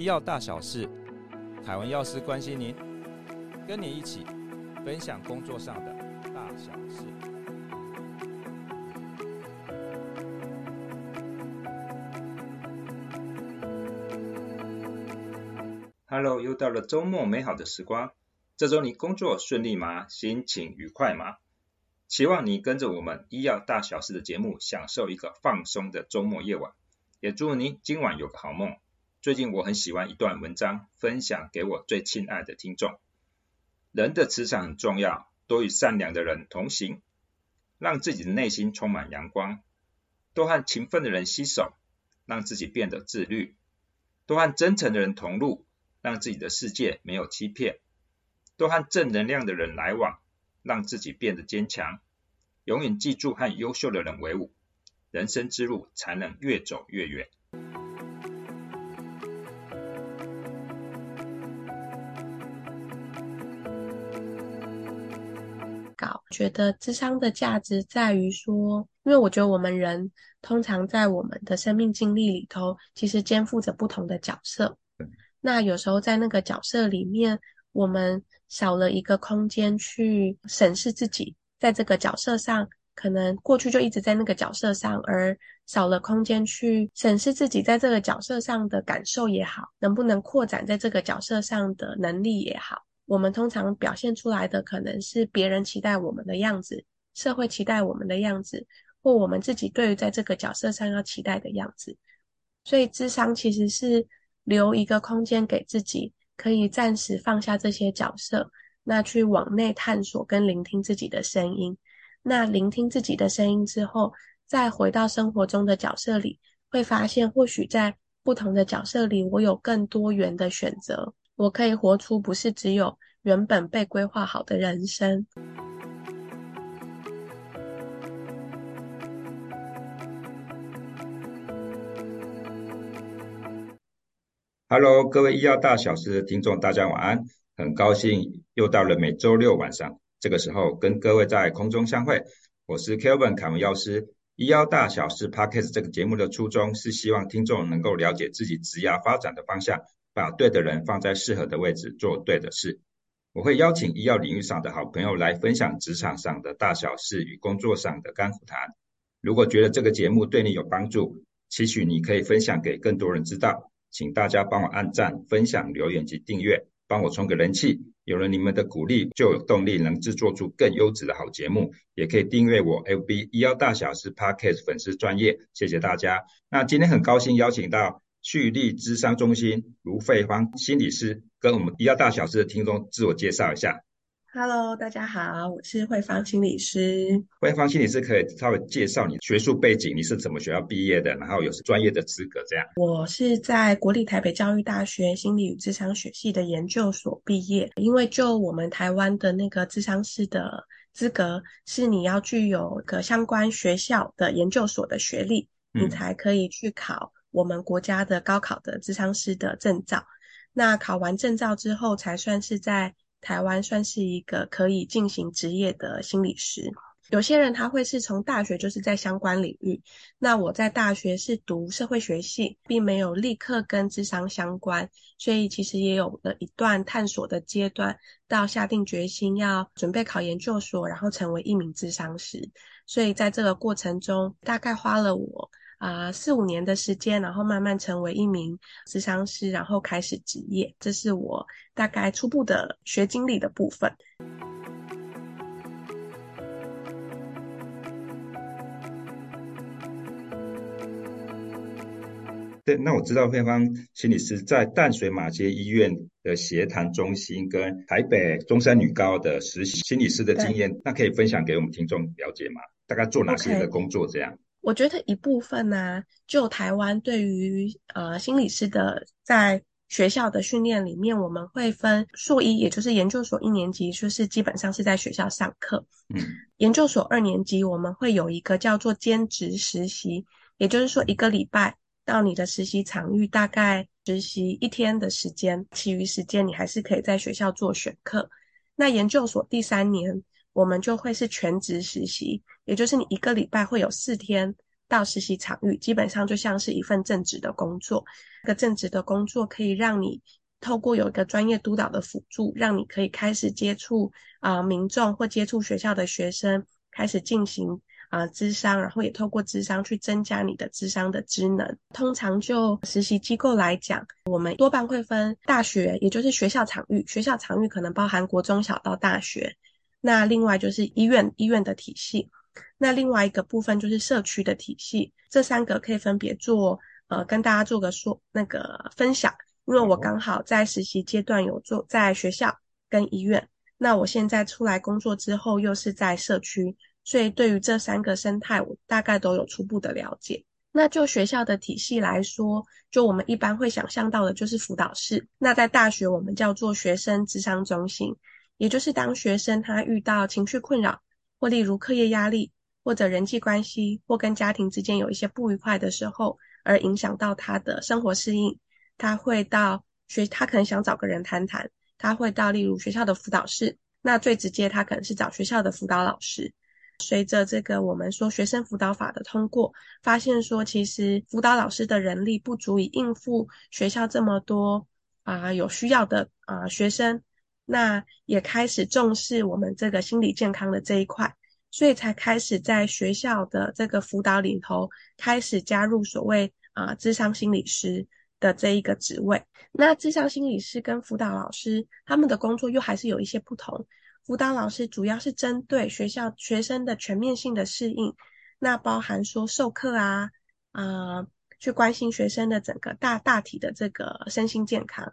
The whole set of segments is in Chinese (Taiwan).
醫藥大小事，凱文藥師關心您，跟你一起分享工作上的大小事。Hello，又到了週末美好的時光。這週你工作順利嗎？心情愉快嗎？期望你跟着我們醫藥大小事的節目，享受一個放鬆的週末夜晚。也祝你今晚有個好夢。最近我很喜歡一段文章，分享給我最親愛的聽眾。人的磁場很重要，多與善良的人同行，讓自己的內心充滿陽光；多和勤奮的人攜手，讓自己變得自律；多和真誠的人同路，讓自己的世界沒有欺騙；多和正能量的人來往，讓自己變得堅強。永遠記住和優秀的人為伍，人生之路才能越走越遠。覺得諮商的價值在於說，因為我覺得我們人通常在我們的生命經歷裡頭，其實肩負着不同的角色。那有時候在那個角色裡面，我們少了一個空間去審視自己，在這個角色上，可能過去就一直在那個角色上，而少了空間去審視自己在這個角色上的感受也好，能不能擴展在這個角色上的能力也好。我們通常表現出來的可能是別人期待我們的樣子，社會期待我們的樣子，或我們自己對於在這個角色上要期待的樣子。所以，諮商其實是留一個空間給自己，可以暫時放下這些角色，那去往內探索跟聆聽自己的聲音。那聆聽自己的聲音之後，再回到生活中的角色裡，會發現或許在不同的角色裡，我有更多元的選擇。我可以活出不是只有原本被規劃好的人生。Hello，各位醫藥大小事的聽眾，大家晚安。很高興又到了每周六晚上這個時候，跟各位在空中相會。我是 Kelvin 凱文藥師。醫藥大小事 Podcast 這個節目的初衷是希望聽眾能夠了解自己職涯發展的方向。把對的人放在適合的位置做對的事。我會邀請醫藥領域上的好朋友來分享職場上的大小事與工作上的甘苦談。如果覺得這個節目對你有幫助，期許你可以分享給更多人知道。請大家幫我按讚、分享、留言及訂閱，幫我衝個人氣。有了你們的鼓勵，就有動力能制作出更優質的好節目。也可以訂閱我 FB 醫藥大小事 Podcast 粉絲專業。謝謝大家。那今天很高興邀請到。旭立諮商中心盧慧芳心理師跟我們比較大小事的聽眾自我介紹一下。Hello，大家好，我是慧芳心理師。慧芳心理師可以稍微介紹你學術背景，你是怎麼學校畢業的？然後有專業的資格這樣。我是在國立台北教育大學心理與諮商學系的研究所畢業。因為就我們台灣的那個諮商師的資格，是你要具有個相關學校的研究所的學歷、嗯，你才可以去考。我們國家的高考的諮商師的證照，那考完證照之後，才算是在台灣算是一個可以進行職業的心理師。有些人他會是從大學就是在相關領域，那我在大學是讀社會學系，並沒有立刻跟諮商相關，所以其實也有了一段探索的階段，到下定決心要準備考研究所，然後成為一名諮商師。所以在這個過程中，大概花了我。啊、呃，四五年的時間，然後慢慢成為一名諮商師，然後開始執業，這是我大概初步的學經歷的部分。對，那我知道慧芳心理師在淡水馬偕醫院的協談中心跟台北中山女高的實習心理師的經驗，那可以分享給我們聽眾了解嗎？大概做哪些的工作這樣？Okay. 我覺得一部分呢、啊，就台灣對於呃心理師的在學校的訓練裡面，我們會分碩一，也就是研究所一年級，就是基本上是在學校上課。嗯，研究所二年級我們會有一個叫做兼職實習，也就是說一個禮拜到你的實習場域，大概實習一天的時間，其餘時間你還是可以在學校做選課。那研究所第三年。我們就會是全職實習，也就是你一個禮拜會有四天到實習場域，基本上就像是一份正職的工作。一個正職的工作可以讓你透過有一個專業督導的輔助，讓你可以開始接觸啊、呃、民眾或接觸學校的學生，開始進行啊呃、諮商，然後也透過諮商去增加你的諮商的知能。通常就實習機構來講，我們多半會分大學，也就是學校場域，學校場域可能包含國中小到大學。那另外就是醫院，醫院的體系，那另外一個部分就是社區的體系，這三個可以分別做呃跟大家做個說那個分享，因為我剛好在實習階段有做在學校跟醫院，那我現在出來工作之後又是在社區，所以對於這三個生態我大概都有初步的了解。那就學校的體系來說，就我們一般會想象到的就是輔導室，那在大學我們叫做學生諮商中心。也就是當學生他遇到情緒困擾，或例如課業壓力，或者人際關係，或跟家庭之間有一些不愉快的時候，而影響到他的生活適應，他會到學，他可能想找個人談談，他會到例如學校的輔導室。那最直接他可能是找學校的輔導老師。隨着這個我們說學生輔導法的通過，發現說其實輔導老師的人力不足以應付學校這麼多啊有需要的啊學生。那也開始重視我們這個心理健康的這一塊，所以才開始在學校的這個輔導裡頭開始加入所謂啊諮、呃、商心理師的這一個職位。那諮商心理師跟輔導老師他們的工作又還是有一些不同。輔導老師主要是針對學校學生的全面性的適應，那包含說授課啊啊、呃，去關心學生的整個大大體的這個身心健康。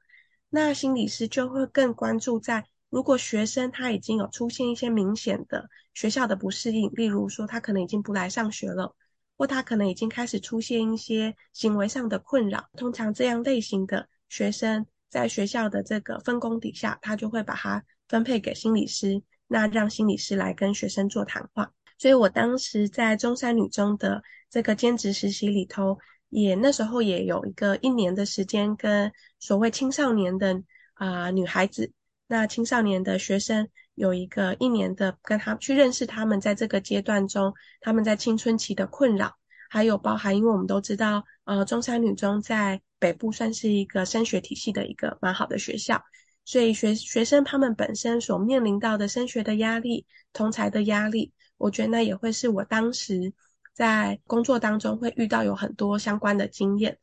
那心理師就會更關注在，如果學生他已經有出現一些明顯的學校的不適應，例如說他可能已經不來上學了，或他可能已經開始出現一些行為上的困擾。通常這樣類型的學生，在學校的這個分工底下，他就會把他分配給心理師，那讓心理師來跟學生做談話。所以我當時在中山女中的這個兼職實習裡頭。也那時候也有一個一年的時間，跟所謂青少年的啊、呃、女孩子，那青少年的學生有一個一年的，跟他去認識他們在這個階段中，他們在青春期的困擾，還有包含，因為我們都知道，呃，中山女中在北部算是一個升學體系的一個蠻好的學校，所以學學生他們本身所面臨到的升學的壓力、同儕的壓力，我覺得那也會是我當時。在工作當中會遇到有很多相關的經驗，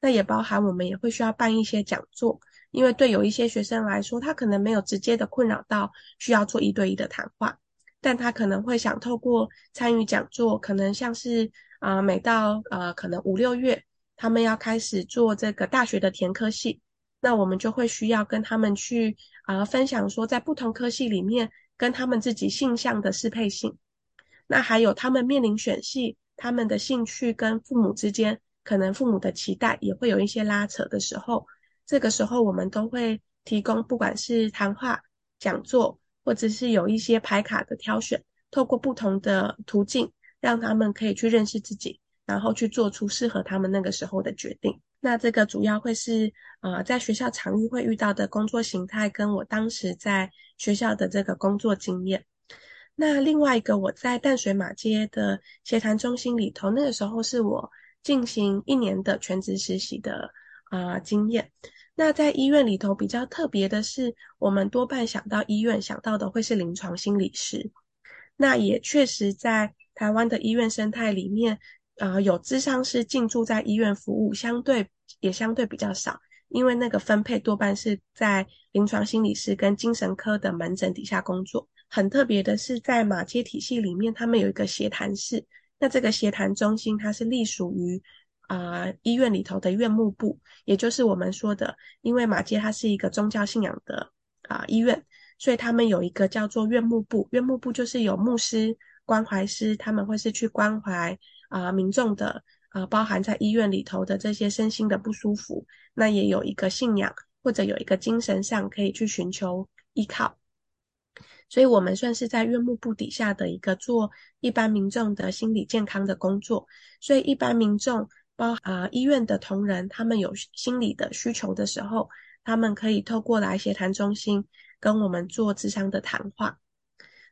那也包含我們也會需要辦一些講座，因為對有一些學生來說，他可能沒有直接的困擾到需要做一對一的談話，但他可能會想透過參與講座，可能像是啊、呃，每到呃可能五六月，他們要開始做這個大學的填科系，那我們就會需要跟他們去啊、呃、分享說，在不同科系裡面跟他們自己性向的適配性，那還有他們面臨選系。他們的興趣跟父母之間，可能父母的期待也會有一些拉扯的時候。這個時候，我們都會提供不管是談話、講座，或者是有一些牌卡的挑選，透過不同的途徑，讓他們可以去認識自己，然後去做出適合他們那個時候的決定。那這個主要會是啊、呃，在學校場域會遇到的工作形態，跟我當時在學校的這個工作經驗。那另外一個，我在淡水馬偕的協談中心裡頭，那個時候是我進行一年的全職實習的啊、呃、經驗。那在醫院裡頭比較特別的是，我們多半想到醫院想到的會是臨床心理師。那也確實在台灣的醫院生態裡面，啊、呃、有諮商師進駐在醫院服務，相對也相對比較少，因為那個分配多半是在臨床心理師跟精神科的門診底下工作。很特別的是，在馬偕體系裡面，他們有一個協談室。那這個協談中心，它是隸屬於啊醫院裡頭的院牧部，也就是我們說的，因為馬偕它是一個宗教信仰的啊、呃、醫院，所以他們有一個叫做院牧部。院牧部就是有牧師、關懷師，他們會是去關懷啊、呃、民眾的啊、呃，包含在醫院裡頭的這些身心的不舒服。那也有一個信仰，或者有一個精神上可以去尋求依靠。所以我們算是在院牧部底下的一個做一般民眾的心理健康的工作，所以一般民眾包含醫院的同仁，他們有心理的需求的時候，他們可以透過來協談中心跟我們做諮商的談話。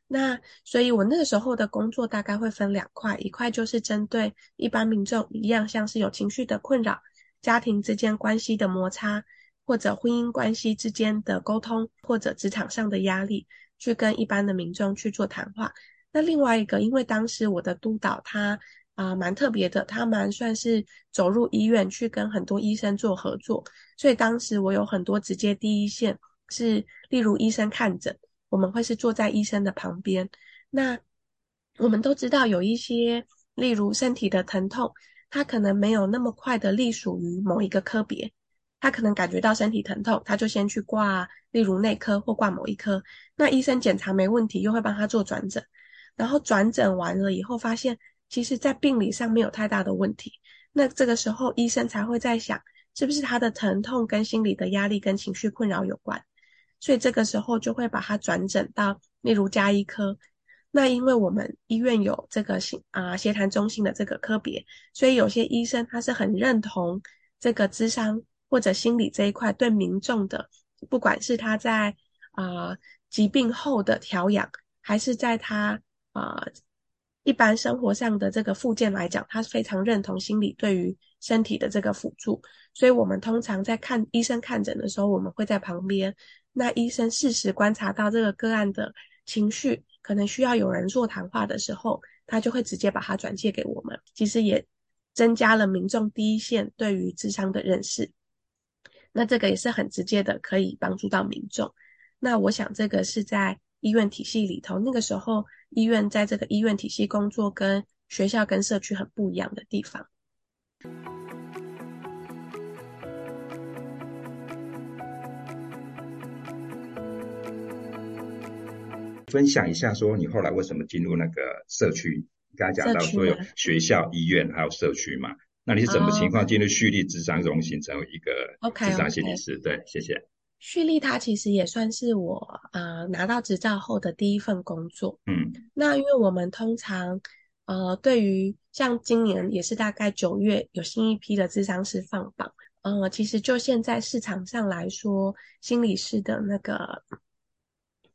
那所以，我那個時候的工作大概會分兩塊，一塊就是針對一般民眾一樣，像是有情緒的困擾、家庭之間關係的摩擦，或者婚姻關係之間的溝通，或者職場上的壓力，去跟一般的民眾去做談話。那另外一個，因為當時我的督導他啊蠻、呃、特別的，他們算是走入醫院去跟很多醫生做合作，所以當時我有很多直接第一線是，例如醫生看診，我們會是坐在醫生的旁邊。那我們都知道有一些，例如身體的疼痛，它可能沒有那麼快的隸屬於某一個科別。他可能感覺到身體疼痛，他就先去掛，例如內科或掛某一科。那醫生檢查沒問題，又會幫他做轉診。然後轉診完了以後，發現其實在病理上沒有太大的問題。那這個時候醫生才會在想，是不是他的疼痛，跟心理的壓力跟情緒困擾有關？所以這個時候就會把他轉診到例如家醫科。那因為我們醫院有這個心啊協談中心的這個科別，所以有些醫生他是很認同這個諮商。或者心理這一塊對民眾的，不管是他在啊、呃、疾病後的調養，還是在他啊、呃、一般生活上的這個復健來講，他非常認同心理對於身體的這個輔助。所以，我們通常在看醫生看診的時候，我們會在旁邊。那醫生適時觀察到這個個案的情緒，可能需要有人做談話的時候，他就會直接把它轉介給我們。其實也增加了民眾第一線對於諮商的認識。那這個也是很直接的，可以幫助到民眾。那我想，這個是在醫院體系裡頭，那個時候醫院在這個醫院體系工作，跟學校跟社區很不一樣的地方。分享一下，說你後來為什麼進入那個社區？剛才講到說有學校、醫院，還有社區嘛。那你是什麼情況進入旭立諮商中心成為一個諮商心理師？Okay, okay. 對，謝謝。旭立，它其實也算是我呃拿到執照後的第一份工作。嗯，那因為我們通常呃，對於像今年也是大概九月有新一批的諮商師放榜，呃，其實就現在市場上來說，心理師的那個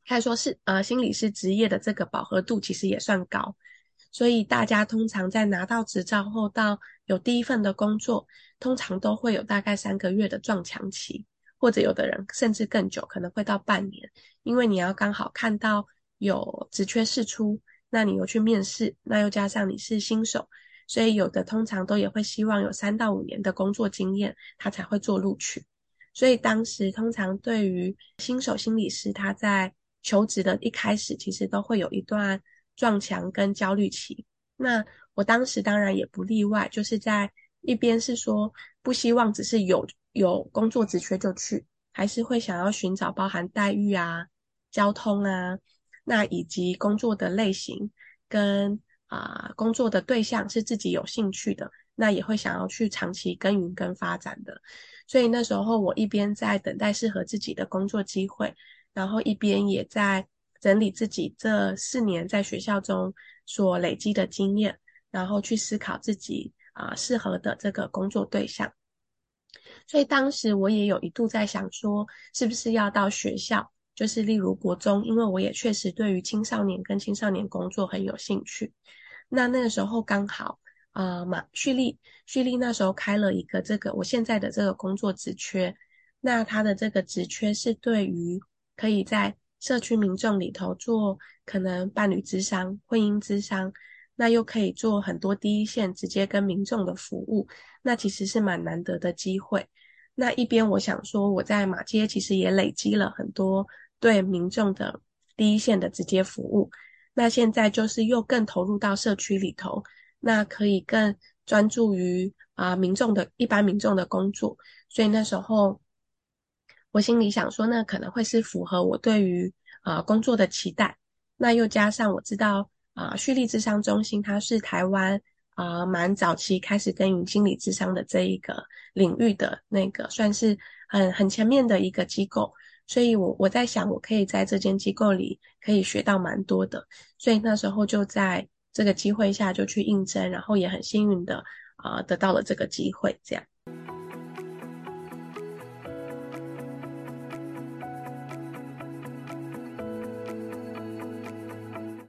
可以說是呃心理師職業的這個飽和度其實也算高，所以大家通常在拿到執照後到有第一份的工作，通常都會有大概三個月的撞牆期，或者有的人甚至更久，可能會到半年，因為你要剛好看到有職缺釋出，那你又去面試，那又加上你是新手，所以有的通常都也會希望有三到五年的工作經驗，他才會做錄取。所以當時通常對於新手心理師，他在求職的一開始，其實都會有一段撞牆跟焦慮期。那我當時當然也不例外，就是在一邊是說不希望只是有有工作職缺，就去，還是會想要尋找包含待遇啊、交通啊，那以及工作的類型跟啊、呃、工作的對象是自己有興趣的，那也會想要去長期耕耘跟發展的。所以那時候我一邊在等待適合自己的工作機會，然後一邊也在整理自己這四年在學校中，所累積的經驗，然後去思考自己啊、呃、適合的這個工作對象。所以當時我也有一度在想說，是不是要到學校，就是例如國中，因為我也確實對於青少年跟青少年工作很有興趣。那那個時候剛好啊、馬、呃、蓄力，蓄力那時候開了一個這個我現在的這個工作職缺，那他的這個職缺是對於可以在。社區民眾裡頭做可能伴侶諮商、婚姻諮商，那又可以做很多第一線直接跟民眾的服務，那其實是蠻難得的機會。那一邊我想說，我在馬街其實也累積了很多對民眾的第一線的直接服務，那現在就是又更投入到社區裡頭，那可以更專注於啊、呃、民眾的一般民眾的工作，所以那時候。我心裡想說，那可能會是符合我對於啊、呃、工作的期待。那又加上我知道啊，旭、呃、立諮商中心它是台灣啊蠻早期開始耕耘心理諮商的這一個領域的，那個算是很很前面的一個機構。所以我，我我在想，我可以在這間機構裡可以學到蠻多的。所以那時候就在這個機會下就去應徵，然後也很幸運的啊、呃、得到了這個機會，這樣。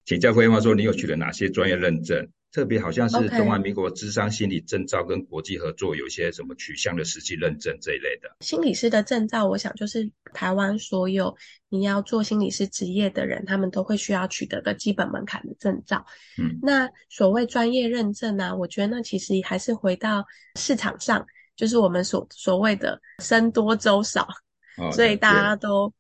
請教慧芳說，你有取得哪些專業認證？特別好像是中華民國諮商心理證照跟國際合作有一些什麼取向的實際認證這一類的。Okay. 心理師的證照，我想就是台灣所有你要做心理師職業的人，他們都會需要取得的基本門檻的證照。嗯，那所謂專業認證呢、啊，我覺得那其實也還是回到市場上，就是我們所所謂的“僧多粥少、哦”，所以大家都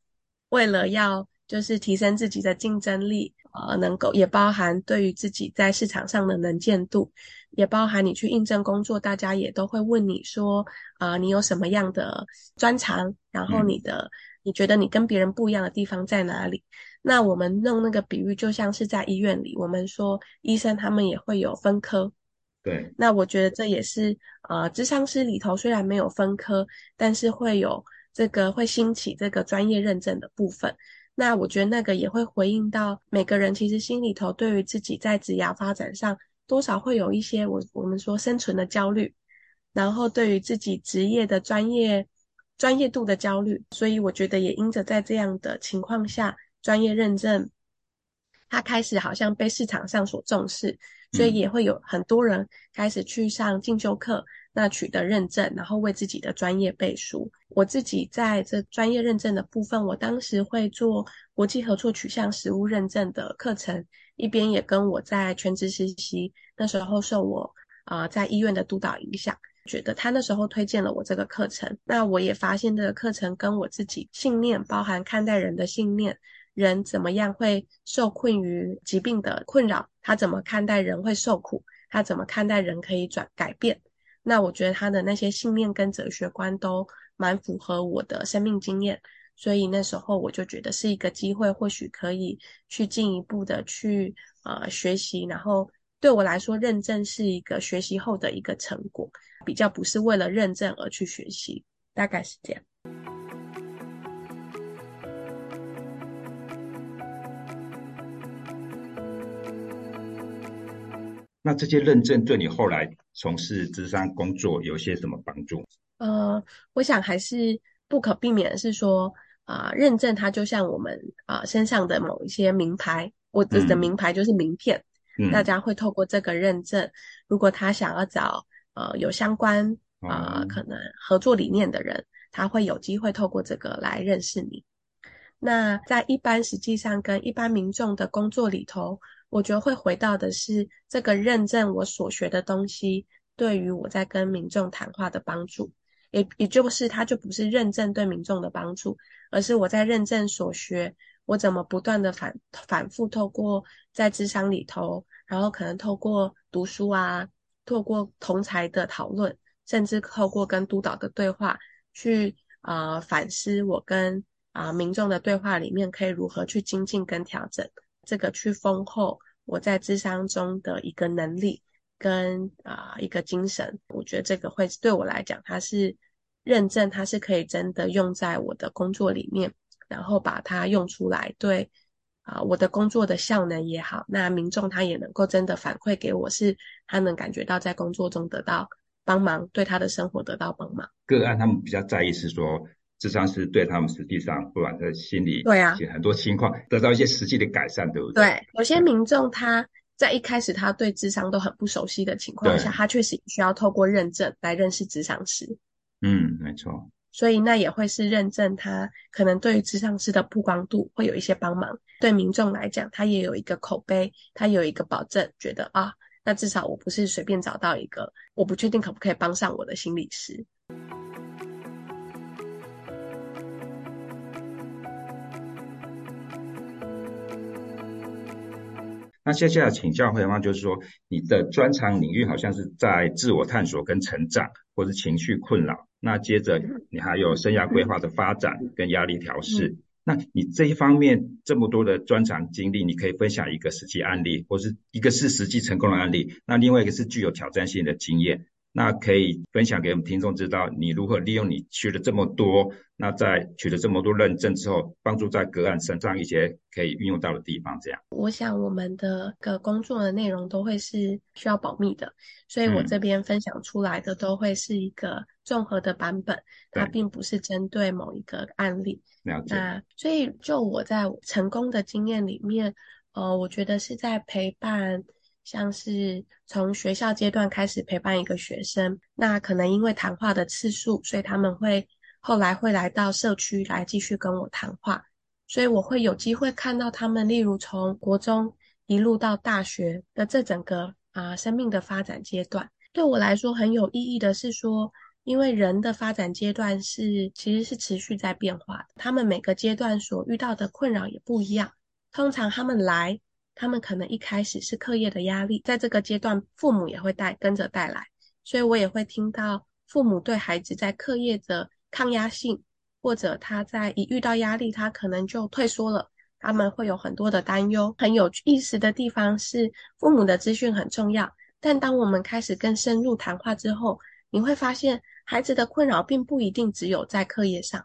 為了要就是提升自己的競爭力。呃，能夠也包含對於自己在市場上的能見度，也包含你去應徵工作，大家也都會問你說，啊、呃，你有什麼樣的專長？然後你的，你覺得你跟別人不一樣的地方在哪裡？嗯、那我們弄那個比喻，就像是在醫院裡，我們說醫生他們也會有分科。對。那我覺得這也是，呃，諮商師裡頭雖然沒有分科，但是會有這個會興起這個專業認證的部分。那我覺得那個也會回應到每個人，其實心裡頭對於自己在職涯發展上，多少會有一些我我們說生存的焦慮，然後對於自己職業的專業專業度的焦慮。所以我覺得也因着在這樣的情況下，專業認證它開始好像被市場上所重視，所以也會有很多人開始去上進修課。那取得認證，然後為自己的專業背書。我自己在這專業認證的部分，我當時會做國際合作取向實務認證的課程，一邊也跟我在全職實習那時候受我啊在醫院的督導影響，覺得他那時候推薦了我這個課程。那我也發現這個課程跟我自己信念，包含看待人的信念，人怎麼樣會受困於疾病的困擾，他怎麼看待人會受苦，他怎麼看待人可以轉改變。那我覺得他的那些信念跟哲學觀都蠻符合我的生命經驗，所以那時候我就覺得是一個機會，或許可以去進一步的去呃學習。然後對我來說，認證是一個學習後的一個成果，比較不是為了認證而去學習，大概是這樣。那這些認證對你後來？從事諮商工作有些什麼幫助？呃，我想還是不可避免是說，啊、呃，認證它就像我們啊、呃、身上的某一些名牌，我的名牌就是名片、嗯，大家會透過這個認證，如果他想要找呃有相關啊、呃嗯、可能合作理念的人，他會有機會透過這個來認識你。那在一般實際上跟一般民眾的工作裡頭，我覺得會回到的是這個諮商我所學的東西對於我在跟民眾談話的幫助，也也就是它就不是諮商對民眾的幫助，而是我在諮商所學，我怎麼不斷的反反復透過在諮商裡頭，然後可能透過讀書啊，透過同儕的討論，甚至透過跟督導的對話去啊、呃、反思我跟。啊、呃，民眾的對話裡面可以如何去精進跟調整，這個去豐厚我在諮商中的一個能力跟啊、呃、一個精神，我覺得這個會對我來講，它是認證，它是可以真的用在我的工作裡面，然後把它用出來，對啊、呃，我的工作的效能也好，那民眾他也能夠真的反饋給我是，是他能感覺到在工作中得到幫忙，對他的生活得到幫忙。個案他們比較在意是說。諮商師對他們實際上不管他心理對啊，很多情況得到一些實際的改善，對不對，對啊？對，有些民眾他在一開始他對諮商都很不熟悉的情況下，他確實需要透過認證來認識諮商師。嗯，沒錯。所以那也會是認證，他可能對於諮商師的曝光度會有一些幫忙，對民眾來講，他也有一個口碑，他也有一個保證，覺得啊，那至少我不是隨便找到一個，我不確定可不可以幫上我的心理師。那接下來請教慧芳，就是說你的專長領域好像是在自我探索跟成長，或是情緒困擾。那接着你還有生涯規劃的發展跟壓力調適。那你這一方面這麼多的專長經歷，你可以分享一個實際案例，或是一個是實際成功的案例，那另外一個是具有挑戰性的經驗。那可以分享給我們聽眾知道，你如何利用你學了這麼多，那在取得了這麼多認證之後，幫助在個案身上一些可以運用到的地方。這樣，我想我們的個工作的內容都會是需要保密的，所以我這邊分享出來的都會是一個綜合的版本，嗯、它並不是針對某一個案例。了解。那、呃、所以就我在成功的經驗裡面，呃，我覺得是在陪伴。像是從學校階段開始陪伴一個學生，那可能因為談話的次數，所以他們會後來會來到社區來繼續跟我談話，所以我會有機會看到他們，例如從國中一路到大學的這整個啊、呃、生命的發展階段。對我來說很有意義的是說，因為人的發展階段是其實是持續在變化的，他們每個階段所遇到的困擾也不一樣，通常他們來。他們可能一開始是課業的壓力，在這個階段，父母也會帶跟着帶來，所以我也會聽到父母對孩子在課業的抗壓性，或者他在一遇到壓力，他可能就退縮了。他們會有很多的擔憂。很有意思的地方是，父母的資訊很重要，但當我們開始更深入談話之後，你會發現孩子的困擾並不一定只有在課業上，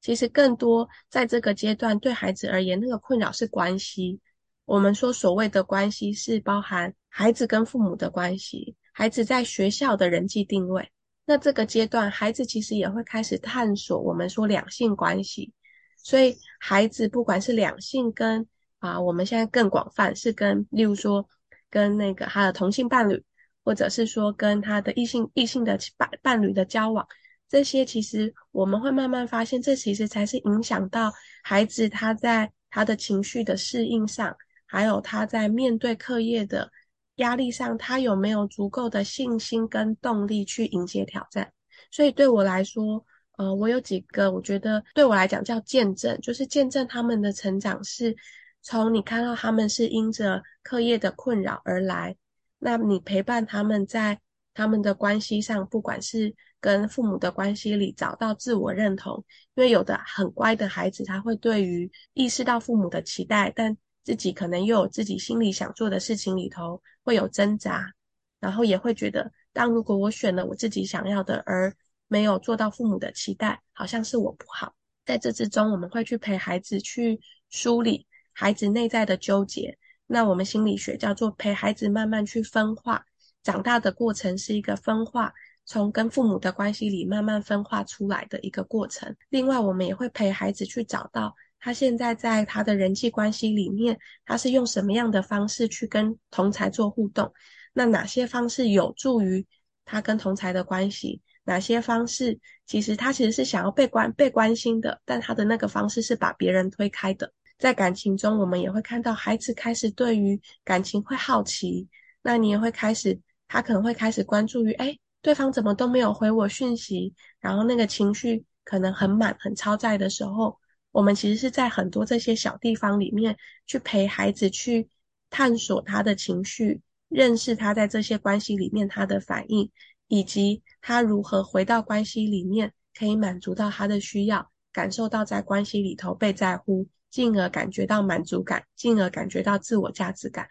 其實更多在這個階段對孩子而言，那個困擾是關係。我們說，所謂的關係是包含孩子跟父母的關係，孩子在學校的人際定位。那這個階段，孩子其實也會開始探索我們說兩性關係，所以孩子不管是兩性跟啊，我們現在更廣泛是跟，例如說跟那個他的同性伴侶，或者是說跟他的異性異性的伴伴侶的交往，這些其實我們會慢慢發現，這其實才是影響到孩子他在他的情緒的適應上。還有他在面對課業的壓力上，他有沒有足夠的信心跟動力去迎接挑戰？所以對我來說，呃，我有幾個，我覺得對我來講叫見證，就是見證他們的成長是，從你看到他們是因着課業的困擾而來，那你陪伴他們在他們的關係上，不管是跟父母的關係裡找到自我認同，因為有的很乖的孩子，他會對於意識到父母的期待，但自己可能又有自己心裡想做的事情裡頭會有掙扎，然後也會覺得，但如果我選了我自己想要的，而沒有做到父母的期待，好像是我不好。在這之中，我們會去陪孩子去梳理孩子內在的糾結。那我們心理學叫做陪孩子慢慢去分化，長大的過程是一個分化，從跟父母的關係裡慢慢分化出來的一個過程。另外，我們也會陪孩子去找到他現在在他的人際關係裡面，他是用什麼樣的方式去跟同儕做互動？那哪些方式有助於他跟同儕的關係？哪些方式其實他其實是想要被關被關心的，但他的那個方式是把別人推開的。在感情中，我們也會看到孩子開始對於感情會好奇，那你也會開始，他可能會開始關注於，哎，對方怎麼都沒有回我訊息，然後那個情緒可能很滿很超載的時候。我們其實是在很多這些小地方裡面去陪孩子去探索他的情緒，認識他在這些關係裡面他的反應，以及他如何回到關係裡面可以滿足到他的需要，感受到在關係裡頭被在乎，進而感覺到滿足感，進而感覺到自我價值感。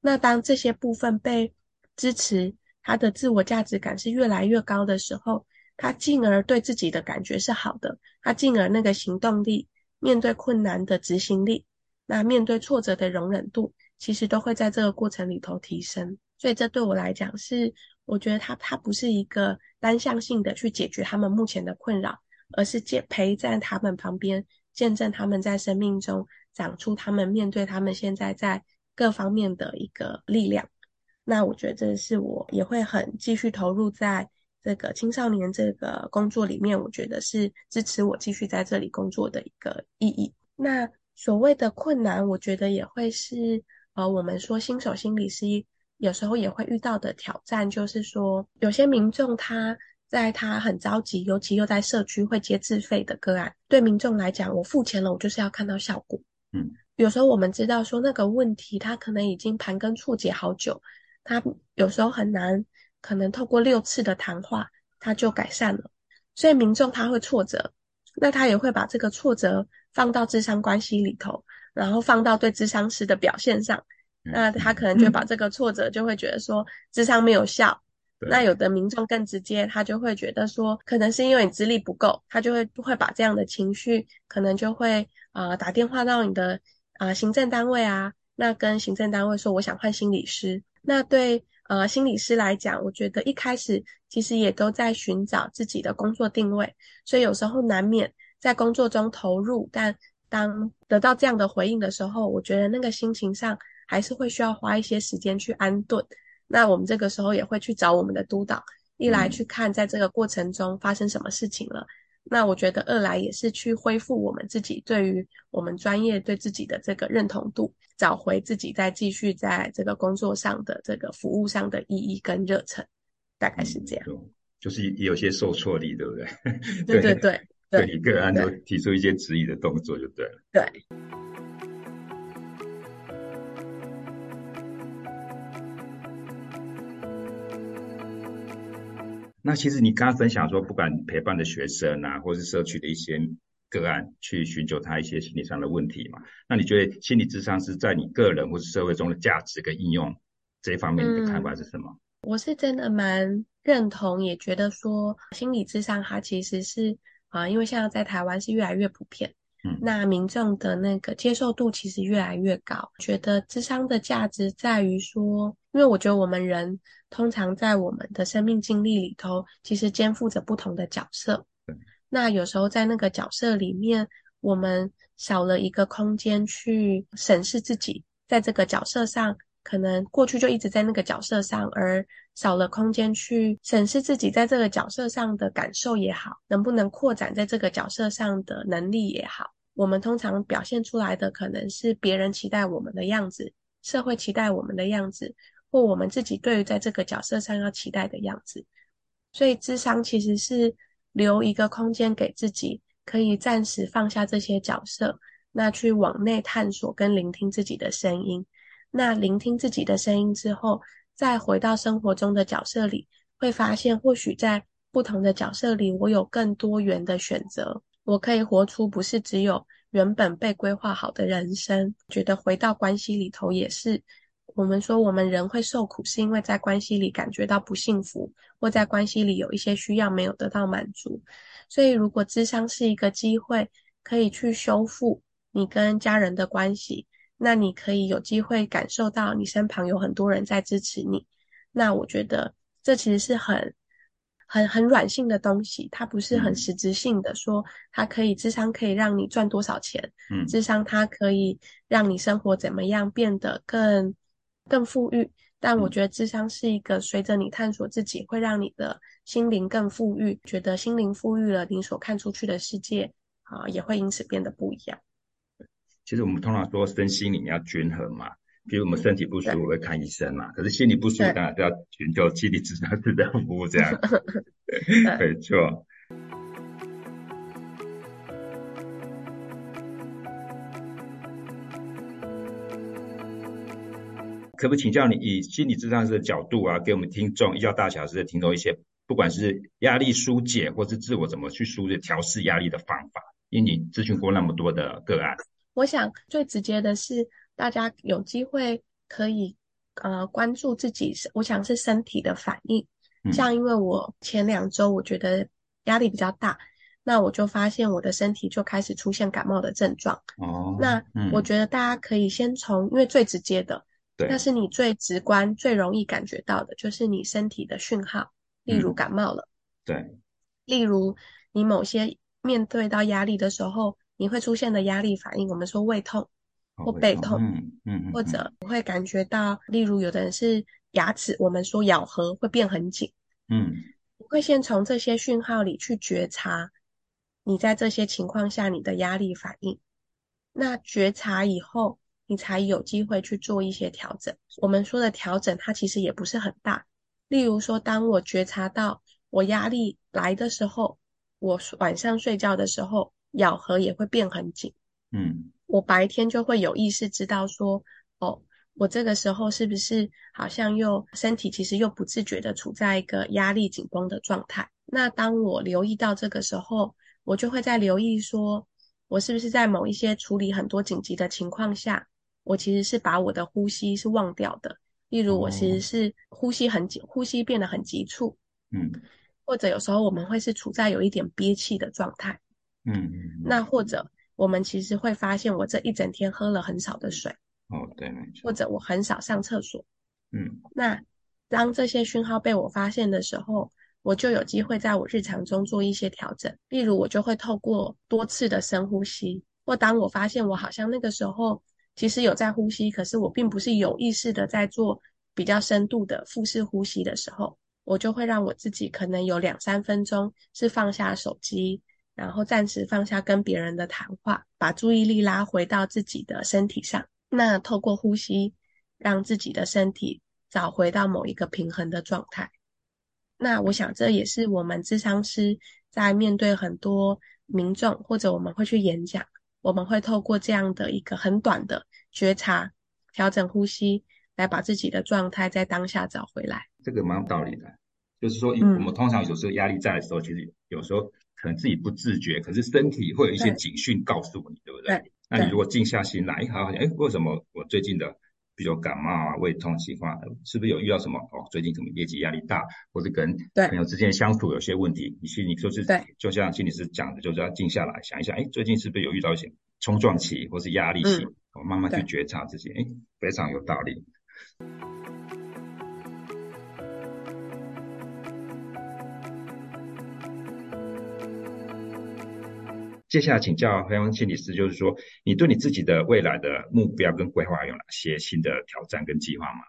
那當這些部分被支持，他的自我價值感是越來越高的時候，他進而對自己的感覺是好的，他進而那個行動力。面對困難的執行力，那面對挫折的容忍度，其實都會在這個過程裡頭提升。所以這對我來講是，我覺得它它不是一個單向性的去解決他們目前的困擾，而是見陪在他們旁邊，見證他們在生命中長出他們面對他們現在在各方面的一個力量。那我覺得這是我也會很繼續投入在。這個青少年這個工作裡面，我覺得是支持我繼續在這裡工作的一個意義。那所謂的困難，我覺得也會是呃，我們說新手心理師有時候也會遇到的挑戰，就是說有些民眾他在他很着急，尤其又在社區會接自費的個案，對民眾來講，我付錢了，我就是要看到效果。嗯，有時候我們知道說那個問題他可能已經盤根錯節好久，他有時候很難。可能透過六次的談話，他就改善了，所以民眾他會挫折，那他也會把這個挫折放到諮商關係裡頭，然後放到對諮商師的表現上，那他可能就把這個挫折就會覺得說諮商沒有效，嗯、那有的民眾更直接，他就會覺得說可能是因為你資歷不夠，他就會會把這樣的情緒可能就會啊、呃、打電話到你的啊、呃、行政單位啊，那跟行政單位說我想換心理師，那對。呃，心理師來講，我覺得一開始其實也都在尋找自己的工作定位，所以有時候難免在工作中投入，但當得到這樣的回應的時候，我覺得那個心情上還是會需要花一些時間去安頓。那我們這個時候也會去找我們的督導，一來去看在這個過程中發生什麼事情了。嗯那我覺得，二來也是去恢復我們自己對於我們專業對自己的這個認同度，找回自己再繼續在這個工作上的這個服務上的意義跟熱忱，大概是這樣。嗯、就，就是有些受挫力，對不對？ 對對對，個案都提出一些質疑的動作就對了。對。對對對對對對那其實你剛剛分享說，不管陪伴的學生啊，或是社區的一些個案，去尋求他一些心理上的問題嘛。那你覺得心理諮商是在你個人或是社會中的價值跟應用這一方面你的看法是什麼？嗯？我是真的蠻認同，也覺得說心理諮商它其實是啊、呃，因為現在在台灣是越來越普遍，嗯，那民眾的那個接受度其實越來越高，覺得諮商的價值在於說，因為我覺得我們人。通常在我們的生命經歷裡頭，其實肩負着不同的角色。那有時候在那個角色裡面，我們少了一個空間去審視自己，在這個角色上，可能過去就一直在那個角色上，而少了空間去審視自己在這個角色上的感受也好，能不能擴展在這個角色上的能力也好。我們通常表現出來的可能是別人期待我們的樣子，社會期待我們的樣子。我們自己對於在這個角色上要期待的樣子，所以諮商其實是留一個空間給自己，可以暫時放下這些角色，那去往內探索跟聆聽自己的聲音。那聆聽自己的聲音之後，再回到生活中的角色裡，會發現或許在不同的角色裡，我有更多元的選擇。我可以活出不是只有原本被規劃好的人生，覺得回到關係裡頭也是。我們說，我們人會受苦，是因為在關係裡感覺到不幸福，或在關係裡有一些需要沒有得到滿足。所以，如果諮商是一個機會，可以去修復你跟家人的關係，那你可以有機會感受到你身旁有很多人在支持你。那我覺得，這其實是很、很、很軟性的東西，它不是很實質性的說，說它可以諮商可以讓你賺多少錢，嗯，諮商它可以讓你生活怎麼樣變得更。更富裕，但我覺得諮商是一個隨着你探索自己，會讓你的心靈更富裕。覺得心靈富裕了，你所看出去的世界啊，也會因此變得不一樣。其實我們通常說身心裡面要均衡嘛，比如我們身體不舒服、嗯、會看醫生嘛，可是心理不舒服當然都要尋求心理治療治療服務這樣。 對 沒錯。可不可以請教你，以心理治療師的角度啊，給我們聽眾、醫療大小事的聽眾一些，不管是壓力紓解，或是自我怎麼去紓解、調適壓力的方法，因為你諮詢過那麼多的個案，我想最直接的是大家有機會可以呃關注自己，我想是身體的反應、嗯。像因為我前兩周我覺得壓力比較大，那我就發現我的身體就開始出現感冒的症狀。哦，嗯、那我覺得大家可以先從，因為最直接的。但是你最直觀、最容易感覺到的，就是你身體的訊號、嗯，例如感冒了。對，例如你某些面對到壓力的時候，你會出現的壓力反應，我們說胃痛或背痛，哦、嗯嗯，嗯，嗯，或者你會感覺到，例如有的人是牙齒，我們說咬合會變很緊，嗯，你會先從這些訊號裡去覺察你在這些情況下你的壓力反應，那覺察以後。你才有機會去做一些調整。我們說的調整，它其實也不是很大。例如說，當我覺察到我壓力來的時候，我晚上睡覺的時候，咬合也會變很緊。嗯，我白天就會有意識知道說，哦，我這個時候是不是好像又身體其實又不自覺地處在一個壓力緊繃的狀態？那當我留意到這個時候，我就會再留意說，我是不是在某一些處理很多緊急的情況下。我其實是把我的呼吸是忘掉的，例如我其實是呼吸很急，oh. 呼吸變得很急促，嗯、mm.，或者有時候我們會是處在有一點憋氣的狀態，嗯、mm-hmm.，那或者我們其實會發現我這一整天喝了很少的水，哦、oh, 對，沒錯，或者我很少上廁所，嗯、mm.，那當這些訊號被我發現的時候，我就有機會在我日常中做一些調整，例如我就會透過多次的深呼吸，或當我發現我好像那個時候。其實有在呼吸，可是我並不是有意識的在做比較深度的腹式呼吸的時候，我就會讓我自己可能有兩三分鐘是放下手機，然後暫時放下跟別人的談話，把注意力拉回到自己的身體上。那透過呼吸，讓自己的身體找回到某一個平衡的狀態。那我想這也是我們諮商師在面對很多民眾，或者我們會去演講。我們會透過這樣的一個很短的覺察，調整呼吸，來把自己的狀態在當下找回來。這個蠻有道理的，就是說我們通常有時候壓力在的時候，嗯、其實有時候可能自己不自覺，可是身體會有一些警訊告訴你，對，對不對，對，對？那你如果靜下心來啊，好好想，哎，為什麼我最近的？比如感冒，啊，胃痛，消化，是不是有遇到什麼？哦，最近可能業績壓力大，或是跟朋友之間相處有些問題？你心裡，你說，就是，就像心理師講的，就是要靜下來想一下，哎，欸，最近是不是有遇到一些衝撞期或是壓力期？我，嗯哦，慢慢去覺察自己，哎，欸，非常有道理。接下來請教慧芳心理師，就是說，你對你自己的未來的目標跟規劃有哪些新的挑戰跟計劃嗎？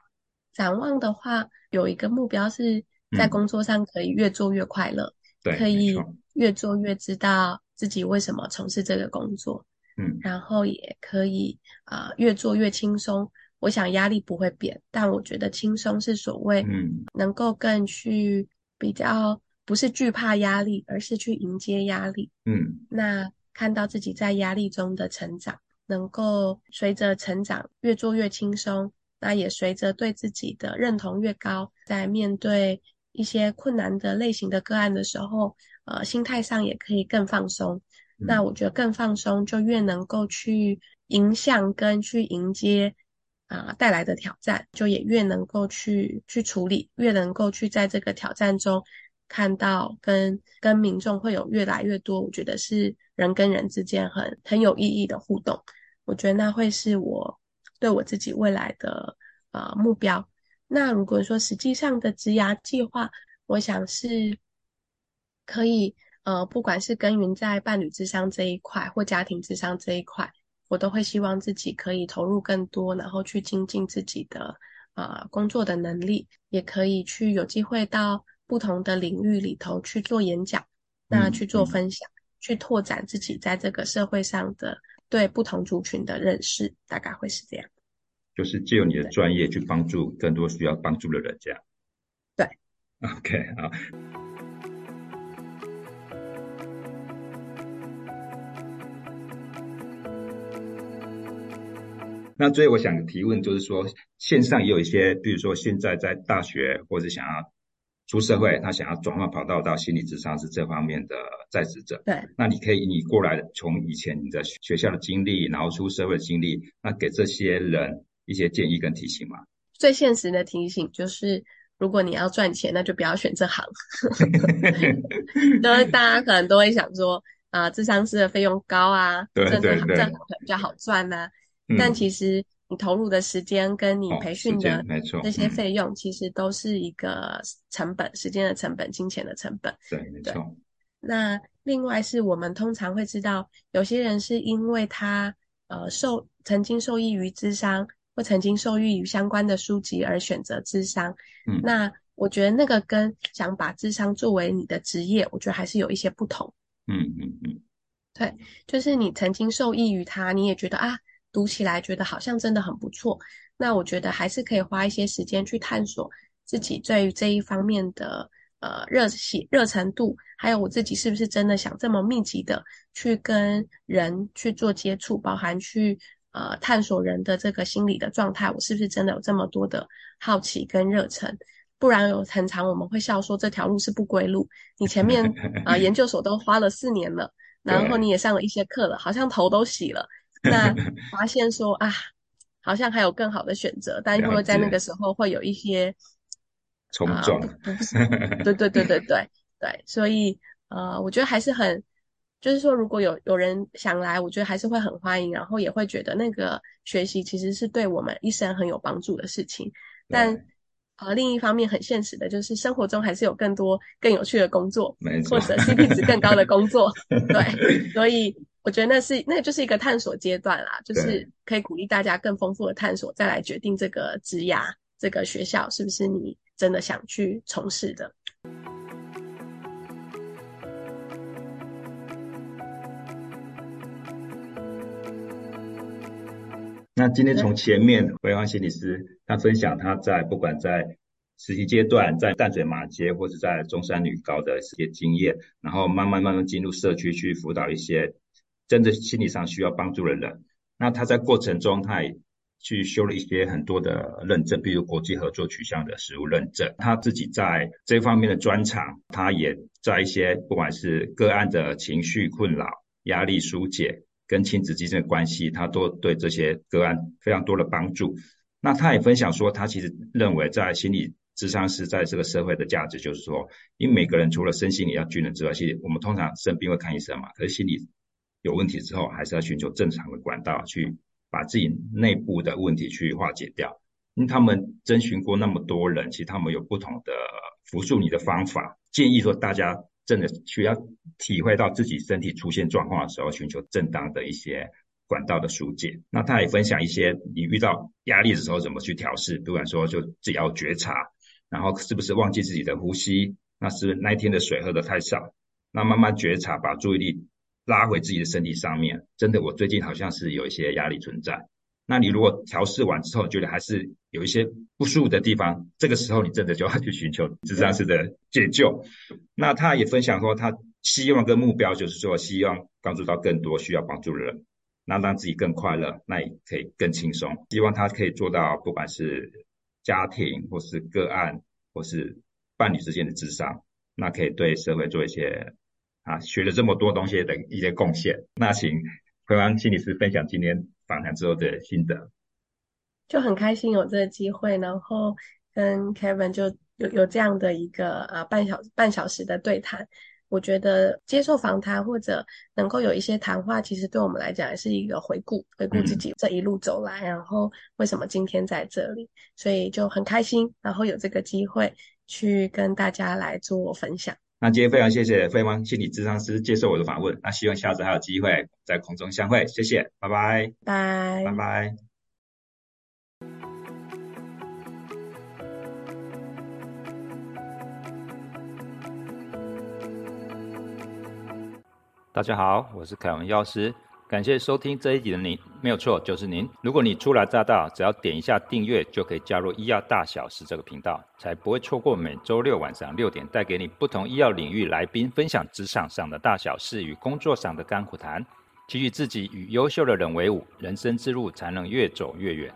展望的話，有一個目標是在工作上可以越做越快樂，嗯、對，可以越做越知道自己為什麼從事這個工作，嗯，然後也可以啊、呃、越做越輕鬆。我想壓力不會變，但我覺得輕鬆是所謂嗯能夠更去比較不是懼怕壓力，而是去迎接壓力，嗯，那。看到自己在壓力中的成長，能夠隨着成長越做越輕鬆，那也隨着對自己的認同越高，在面對一些困難的類型的箇案的時候，呃，心態上也可以更放鬆。那我覺得更放鬆就越能夠去迎向跟去迎接啊、呃、帶來的挑戰，就也越能夠去去處理，越能夠去在這個挑戰中看到跟跟民眾會有越來越多，我覺得是。人跟人之間很很有意義的互動，我覺得那會是我對我自己未來的呃目標。那如果說實際上的職涯計劃，我想是可以呃，不管是耕耘在伴侶諮商這一塊或家庭諮商這一塊，我都會希望自己可以投入更多，然後去精進自己的呃工作的能力，也可以去有機會到不同的領域裡頭去做演講，那去做分享。嗯嗯去拓展自己在這個社會上的對不同族群的認識，大概會是這樣。就是借用你的專業去幫助更多需要幫助的人這樣。對。OK，好。嗯、那最後我想提問，就是說線上也有一些，比如說現在在大學或者想要。出社會，他想要轉換跑道到心理諮商師這方面的在職者。對，那你可以你過來，從以前你的學校的經歷，然後出社會的經歷，那給這些人一些建議跟提醒嘛？最現實的提醒就是，如果你要賺錢，那就不要選這行。因為 大家可能都會想說，啊、呃，諮商師的費用高啊，這行這行可能比較好賺吶、啊嗯，但其實。你投入的時間跟你培訓的、哦嗯、這些費用，其實都是一個成本，時間的成本、金錢的成本。對，對沒錯。那另外是我們通常會知道，有些人是因為他呃受曾經受益於諮商，或曾經受益於相關的書籍而選擇諮商、嗯。那我覺得那個跟想把諮商作為你的職業，我覺得還是有一些不同。嗯嗯嗯。對，就是你曾經受益於他，你也覺得啊。讀起來覺得好像真的很不錯，那我覺得還是可以花一些時間去探索自己對於這一方面的呃熱情、熱程度，還有我自己是不是真的想這麼密集的去跟人去做接觸，包含去呃探索人的這個心理的狀態，我是不是真的有這麼多的好奇跟熱忱？不然有很常我們會笑說這條路是不歸路。你前面啊、呃、研究所都花了四年了， 然後你也上了一些課了，好像頭都洗了。 那發現說啊，好像還有更好的選擇，但因為在那個時候會有一些衝撞、啊。對對對對對 對，所以呃，我覺得還是很，就是說，如果有有人想來，我覺得還是會很歡迎，然後也會覺得那個學習其實是對我們一生很有幫助的事情。但呃，另一方面很現實的，就是生活中還是有更多更有趣的工作，沒錯，或者 CP 值更高的工作。 對，所以。我覺得那是，那就是一個探索階段啦，就是可以鼓勵大家更豐富的探索，再來決定這個職涯，這個學校是不是你真的想去從事的。那今天從前面慧芳、嗯、心理師，他分享他在不管在實習階段，在淡水馬街或者在中山女高的這些經驗，然後慢慢慢慢進入社區去輔導一些，真正心理上需要幫助的人，那他在過程中他也去修了一些很多的認證，比如國際合作取向的實務認證。他自己在這方面的專長，他也在一些不管是個案的情緒困擾、壓力疏解跟親子之間的關係，他都對這些個案非常多的幫助。那他也分享說，他其實認為在心理諮商，是在這個社會的價值，就是說，因為每個人除了身心靈要均衡之外，其實我們通常生病會看醫生嘛，可是心理。有問題之後，還是要尋求正常的管道去把自己內部的問題去化解掉。因為他們徵詢過那麼多人，其實他們有不同的輔助你的方法，建議說大家真的需要體會到自己身體出現狀況的時候，尋求正當的一些管道的疏解。那他也分享一些你遇到壓力的時候怎麼去調試。不管說就只要覺察，然後是不是忘記自己的呼吸？那是不是那一天的水喝得太少？那慢慢覺察，把注意力。拉回自己的身體上面，真的，我最近好像是有一些壓力存在。那你如果調適完之後，你覺得還是有一些不舒服的地方，這個時候你真的就要去尋求諮商師的解救。那他也分享說，他希望跟目標就是說，希望幫助到更多需要幫助的人，那讓自己更快樂，那也可以更輕鬆。希望他可以做到，不管是家庭或是個案或是伴侶之間的諮商，那可以對社會做一些。啊，學了這麼多東西的一些貢獻。那請慧芳心理師分享今天訪談之後的心得。就很開心有這個機會，然後跟 Kelvin 就有有這樣的一個呃、啊、半小半小時的對談。我覺得接受訪談或者能夠有一些談話，其實對我們來講也是一個回顧，回顧自己這一路走來，嗯、然後為什麼今天在這裡，所以就很開心，然後有這個機會去跟大家來做我分享。那今天非常謝謝慧芳心理諮商師接受我的訪問，那希望下次還有機會在空中相會，謝謝，拜拜，拜拜拜拜。大家好，我是凱文藥師。感謝收聽這一集的您，沒有錯，就是您。如果你初來乍到，只要點一下訂閱，就可以加入醫藥大小事這個頻道，才不會錯過每周六晚上六點帶給你不同醫藥領域來賓分享職場上的大小事與工作上的甘苦談，給予自己與優秀的人為伍，人生之路才能越走越遠。